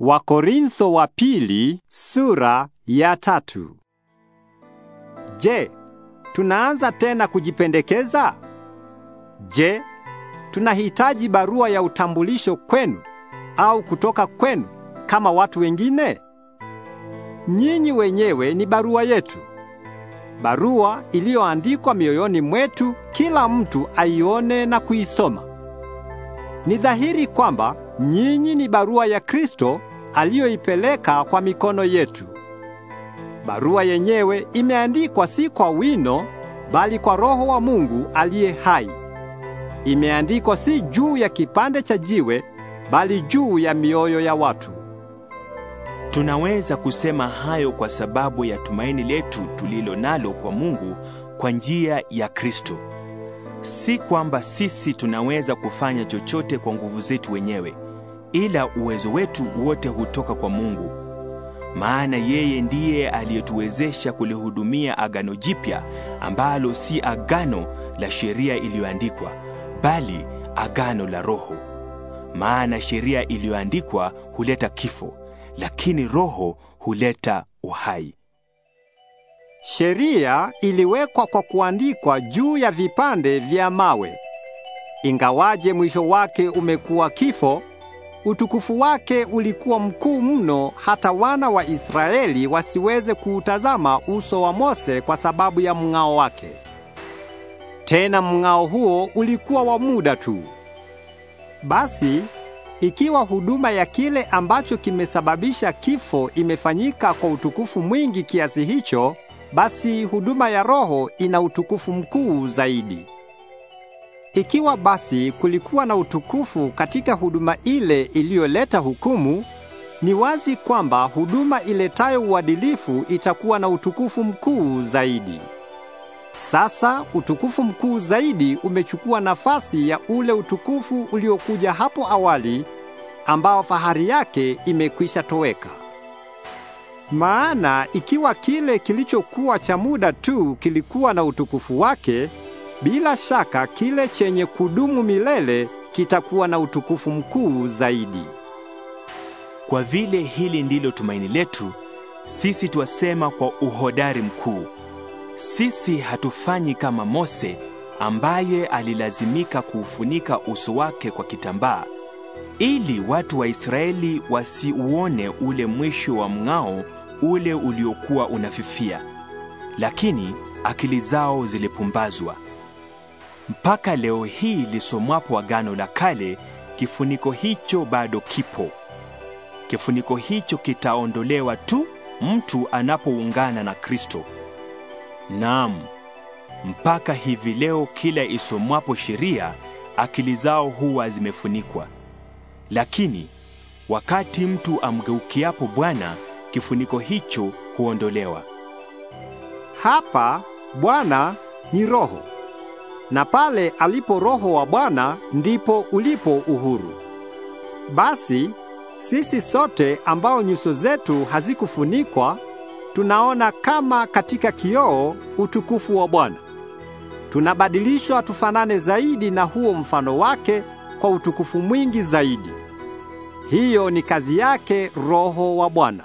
Wakorintho wa pili sura ya tatu. Je, tunaanza tena kujipendekeza? Je, tunahitaji barua ya utambulisho kwenu au kutoka kwenu kama watu wengine? Nyinyi wenyewe ni barua yetu. Barua iliyoandikwa mioyoni mwetu kila mtu aione na kuisoma. Ni dhahiri kwamba Nyinyi ni barua ya Kristo aliyoipeleka kwa mikono yetu. Barua yenyewe imeandikwa si kwa wino, bali kwa Roho wa Mungu aliye hai. Imeandikwa si juu ya kipande cha jiwe, bali juu ya mioyo ya watu. Tunaweza kusema hayo kwa sababu ya tumaini letu tulilo nalo kwa Mungu kwa njia ya Kristo si kwamba sisi tunaweza kufanya chochote kwa nguvu zetu wenyewe, ila uwezo wetu wote hutoka kwa Mungu, maana yeye ndiye aliyetuwezesha kulihudumia agano jipya ambalo si agano la sheria iliyoandikwa, bali agano la Roho. Maana sheria iliyoandikwa huleta kifo, lakini Roho huleta uhai. Sheria iliwekwa kwa kuandikwa juu ya vipande vya mawe. Ingawaje mwisho wake umekuwa kifo, utukufu wake ulikuwa mkuu mno hata wana wa Israeli wasiweze kuutazama uso wa Mose kwa sababu ya mng'ao wake. Tena mng'ao huo ulikuwa wa muda tu. Basi ikiwa huduma ya kile ambacho kimesababisha kifo imefanyika kwa utukufu mwingi kiasi hicho, basi huduma ya Roho ina utukufu mkuu zaidi. Ikiwa basi kulikuwa na utukufu katika huduma ile iliyoleta hukumu, ni wazi kwamba huduma iletayo uadilifu itakuwa na utukufu mkuu zaidi. Sasa utukufu mkuu zaidi umechukua nafasi ya ule utukufu uliokuja hapo awali ambao fahari yake imekwisha toweka. Maana ikiwa kile kilichokuwa cha muda tu kilikuwa na utukufu wake, bila shaka kile chenye kudumu milele kitakuwa na utukufu mkuu zaidi. Kwa vile hili ndilo tumaini letu, sisi twasema kwa uhodari mkuu. Sisi hatufanyi kama Mose ambaye alilazimika kuufunika uso wake kwa kitambaa ili watu wa Israeli wasiuone ule mwisho wa mng'ao ule uliokuwa unafifia. Lakini akili zao zilipumbazwa. Mpaka leo hii lisomwapo Agano la Kale, kifuniko hicho bado kipo. Kifuniko hicho kitaondolewa tu mtu anapoungana na Kristo. Naam, mpaka hivi leo kila isomwapo sheria, akili zao huwa zimefunikwa. Lakini wakati mtu amgeukiapo Bwana, kifuniko hicho huondolewa. Hapa Bwana ni Roho, na pale alipo Roho wa Bwana ndipo ulipo uhuru. Basi sisi sote ambao nyuso zetu hazikufunikwa tunaona kama katika kioo utukufu wa Bwana. Tunabadilishwa tufanane zaidi na huo mfano wake kwa utukufu mwingi zaidi. Hiyo ni kazi yake Roho wa Bwana.